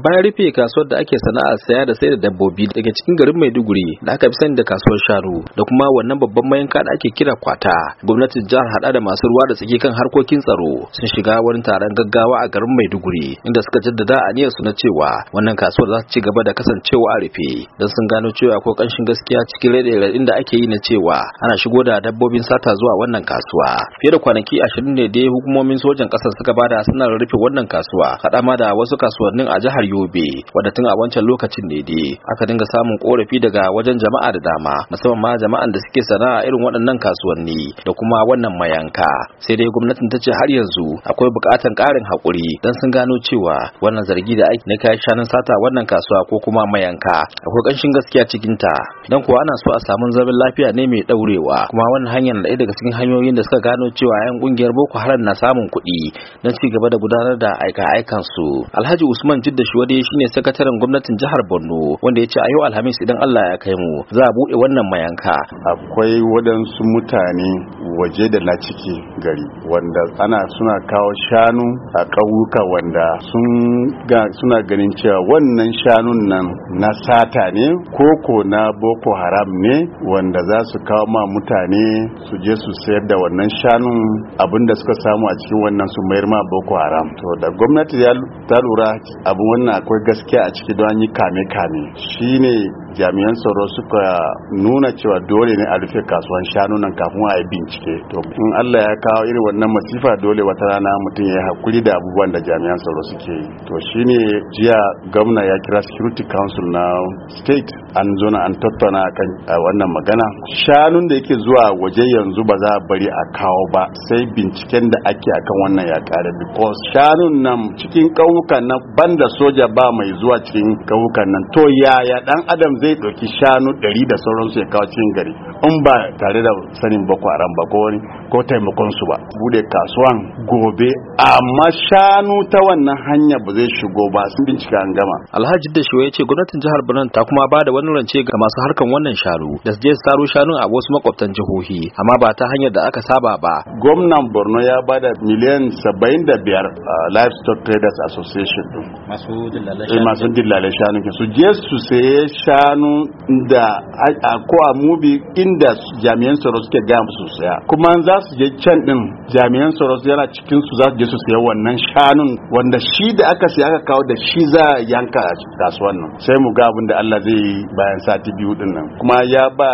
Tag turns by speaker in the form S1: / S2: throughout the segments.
S1: bayan rufe kasuwar da ake sana'a saya da sayar da dabbobi daga cikin garin Maiduguri da aka fi sani da kasuwar Sharu da kuma wannan babban mayanka da ake kira Kwata gwamnatin jihar hada da masu ruwa da tsaki kan harkokin tsaro sun shiga wani taron gaggawa a garin Maiduguri inda suka jaddada aniyar su na cewa wannan kasuwar za ta ci gaba da kasancewa a rufe don sun gano cewa ko kanshin gaskiya cikin rai da da ake yi na cewa ana shigo da dabbobin sata zuwa wannan kasuwa fiye da kwanaki ashirin ne dai hukumomin sojan ƙasar suka bada sanar rufe wannan kasuwa haɗa da wasu kasuwannin a jihar yobe wadda tun a wancan lokacin ne dai aka dinga samun korafi daga wajen jama'a da dama musamman ma jama'an da suke sana'a irin waɗannan kasuwanni da kuma wannan mayanka sai dai gwamnatin ta ce har yanzu akwai buƙatar ƙarin haƙuri don sun gano cewa wannan zargi da ake na kayan shanun sata wannan kasuwa ko kuma mayanka akwai ƙanshin gaskiya cikin ta don kuwa ana so a samu zaman lafiya ne mai ɗaurewa kuma wannan hanyar na ɗaya daga cikin hanyoyin da suka gano cewa 'yan ƙungiyar boko haram na samun kuɗi don ci gaba da gudanar da aika-aikansu alhaji usman jidda shi Dode shine sakataren gwamnatin jihar Borno wanda ya ce a yau Alhamis idan Allah ya kai mu za a buɗe wannan
S2: mayanka. Akwai waɗansu mutane waje da na ciki gari wanda ana suna kawo shanu a ƙauyuka wanda sun ga suna ganin cewa wannan shanun nan na sata ne koko na boko haram ne wanda za su kawo ma mutane su je su sayar da wannan shanun abinda suka samu a cikin wannan su mayar ma boko haram to da gwamnati ta lura abin wannan akwai gaskiya a ciki don an yi kame-kame shine jami'an tsaro suka nuna cewa dole ne a rufe kasuwan shanu nan kafin a yi bincike to in Allah ya kawo irin wannan masifa dole wata rana mutum ya hakuri da abubuwan da jami'an tsaro suke yi to shine jiya gwamna ya kira security council na state an zo na an tattauna kan wannan magana shanun da yake zuwa waje yanzu ba za a bari a kawo ba sai binciken da ake akan wannan ya kare because shanun nan cikin kauyukan nan banda soja ba mai zuwa cikin kauyukan nan to yaya dan adam zai ɗauki shanu ɗari da sauransu ya kawo cikin gari in ba tare da sanin boko haram ba ko wani ko taimakon su ba bude kasuwan gobe amma shanu ta wannan hanya ba zai shigo ba sun bincika an gama
S1: alhaji da shiwa ya ce gwamnatin jihar birnin ta kuma ba da wani rance ga masu harkan wannan sharu da su
S2: je su saro shanun a wasu makwabtan jihohi amma ba ta hanyar da aka saba ba gwamnan borno ya ba da miliyan saba'in da biyar livestock traders association din
S1: masu
S2: dillalan eh, shanu su je su saye shanu da ko a mubi in inda jami'an tsaro suke gaya musu saya kuma za su je can din jami'an tsaro yana cikin su za su je su saya wannan shanun wanda shi da aka saya aka kawo da shi za a yanka a kasuwan nan sai mu ga abin da Allah zai bayan sati biyu din nan kuma ya ba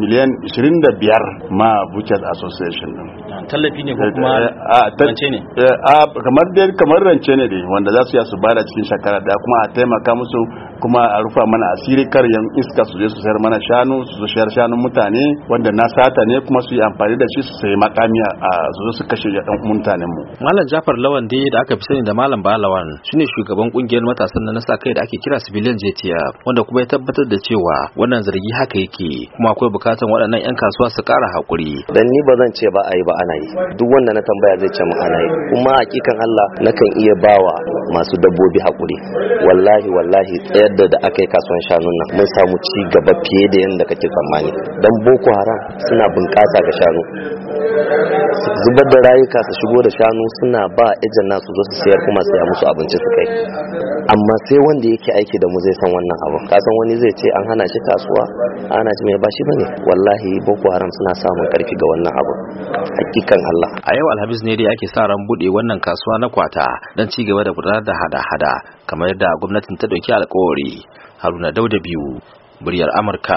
S2: miliyan 25 ma Butchers Association din tallafi ne ko kuma eh, eh, rance ne eh, a kamar dai kamar rance ne dai wanda za su ya su bada cikin shekara da kuma a taimaka musu kuma a rufa mana asiri kar yan iska su je su sayar mana shanu su shayar shanun mutane wanda na sata ne kuma su yi amfani da shi su sayi makami a su su kashe ya dan mutanen mu
S1: malam jafar lawan dai da aka fi sani da malam balawan shine shugaban kungiyar matasan na nasa kai da ake kira civilian jetiya wanda kuma ya tabbatar da cewa wannan zargi haka yake kuma akwai bukatan waɗannan yan kasuwa su ƙara hakuri
S3: dan ni ba zan ce ba a yi ba ana yi duk wanda na tambaya zai ce mu ana yi kuma hakikan Allah nakan iya bawa masu dabbobi hakuri wallahi wallahi tsayar da da aka yi kasuwan shanun nan mun samu ci gaba fiye da yadda kake tsammani tsammani don boko haram suna bunƙasa ga shanu zubar da rayuka su shigo da shanu suna ba ejan nasu zo su sayar kuma saya musu abinci su kai amma sai wanda yake aiki da mu zai san wannan abu kasan wani zai ce an hana shi kasuwa ana shi mai bashi bane wallahi boko haram suna samun karfi ga wannan abu hakikan Allah
S1: a yau alhamis ne dai ake sa ran bude wannan kasuwa na kwata dan ci gaba da gudanar da hada-hada kamar yadda gwamnatin ta dauki alƙawari, haruna dauda biyu muryar amurka